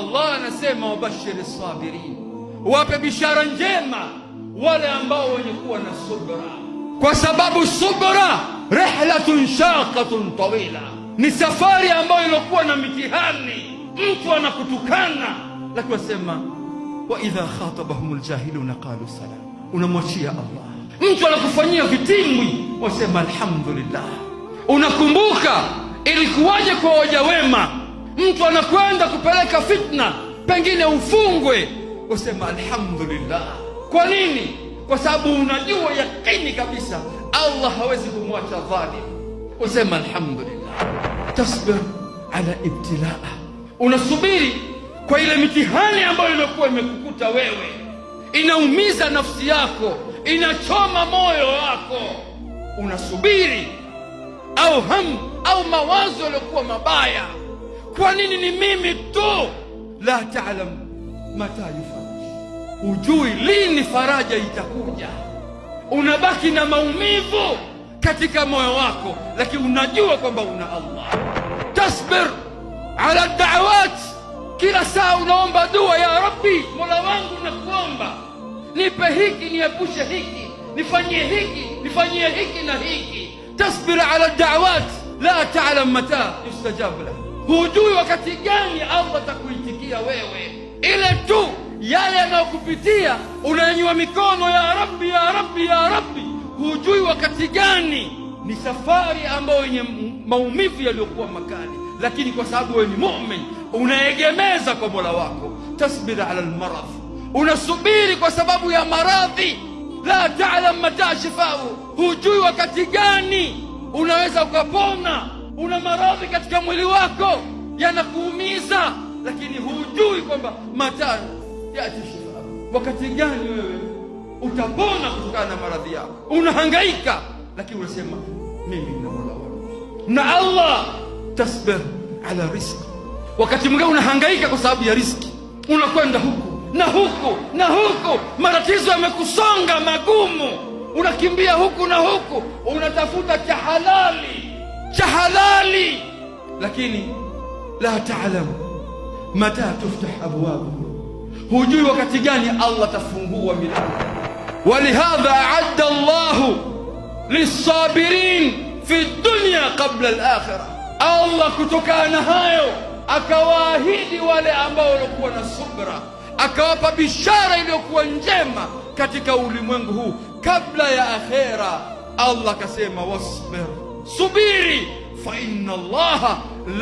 Allah anasema wabashiri sabirin, wape bishara njema wale ambao wenye kuwa na subra, kwa sababu subra rihlatun shaqatun tawila, ni safari ambayo iliokuwa na mitihani. Mtu anakutukana lakini wasema wa idha khatabahum ljahiluna qalu salam, unamwachia Allah. Mtu anakufanyia vitimbwi wasema alhamdulillah. Unakumbuka ilikuwaje kwa waja wema mtu anakwenda kupeleka fitna, pengine ufungwe, usema alhamdulillah. Kwa nini? Kwa sababu unajua yakini kabisa Allah hawezi kumwacha dhalim, usema alhamdulillah. Tasbir ala ibtilaa, unasubiri kwa ile mitihani ambayo inakuwa imekukuta wewe, inaumiza nafsi yako, inachoma moyo wako, unasubiri au hamu au mawazo yaliyokuwa mabaya kwa nini ni mimi tu? La ta'lam mata yufaraj, hujui lini faraja itakuja. Unabaki na maumivu katika moyo wako, lakini unajua kwamba una Allah. Tasbir ala da'awat, kila saa unaomba dua, ya Rabbi, mola wangu nakuomba, nipe hiki, niepushe hiki, nifanyie hiki, nifanyie hiki na hiki. Tasbir ala da'awat la ta'lam mata yustajabu lah hujui wakati gani Allah atakuitikia wewe. Ile tu yale yanayokupitia unanyanyua mikono ya Rabbi, ya Rabbi, ya Rabbi, hujui wakati gani. Ni safari ambayo yenye maumivu yaliyokuwa makali, lakini kwa sababu wewe ni muumini unaegemeza kwa Mola wako. Tasbir ala almaradh, unasubiri kwa sababu ya maradhi. La taalam mataa shifau, hujui wakati gani unaweza ukapona una maradhi katika mwili wako yanakuumiza, lakini hujui kwamba matano yati shifa. Wakati gani wewe utapona kutokana na maradhi yako? Unahangaika, lakini unasema mimi na Mola wangu na Allah. Tasbir ala riski wakati mwingine unahangaika kwa sababu ya riski unakwenda huku na huku na huku, matatizo yamekusonga magumu, unakimbia huku na huku, unatafuta cha halali cha halali, lakini la taalamu mata tuftah abwabu, hujui wakati gani Allah atafungua milango. Walihadha aadda Allahu lissabirin fi dunya qabla al Allah kutokana na hayo akawaahidi wale ambao waliokuwa na subra, akawapa bishara iliyokuwa njema katika ulimwengu huu kabla ya akhera. Allah akasema wasbir صبيري فإن الله لا